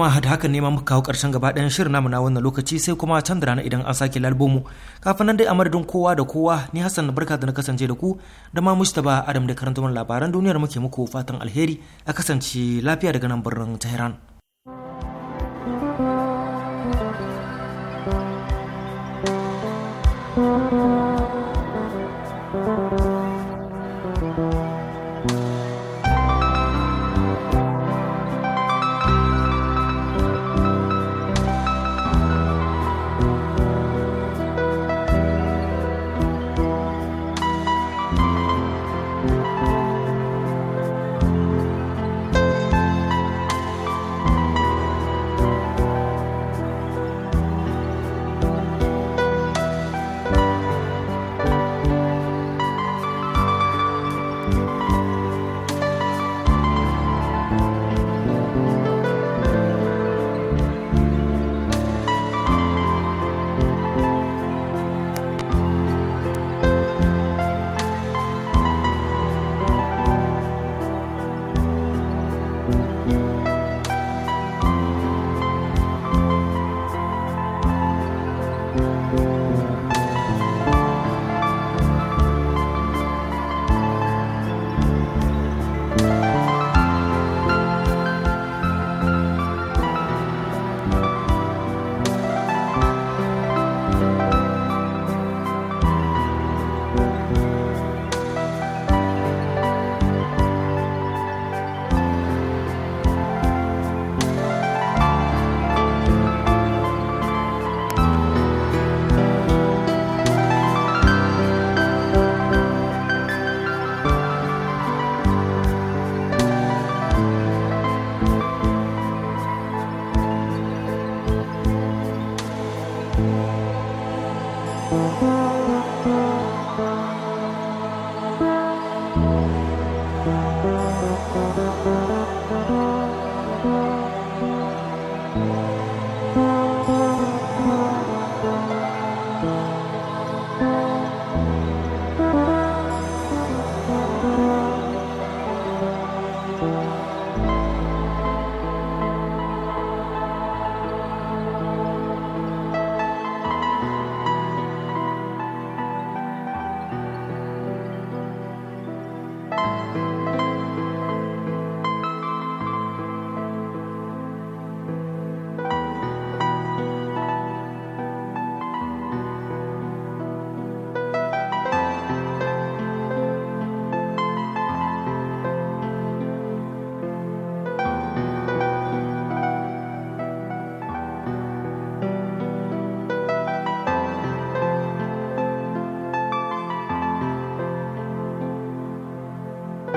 S1: kuma da haka nema muka kawo karshen gaba ɗayan shirin namu na wannan lokaci sai kuma can da rana idan an sake lalbomu kafin nan dai a madadin kowa da kowa ni hassan na barka da na kasance da ku da ma mustaba adam da karanta labaran duniyar muke muku fatan alheri a kasance lafiya daga nan birnin tehran